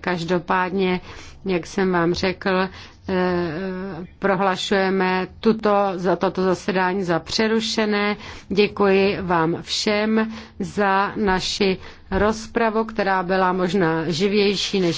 Každopádně, jak jsem vám řekl, eh, prohlašujeme tuto, za toto zasedání za přerušené. Děkuji vám všem za naši rozpravu, která byla možná živější než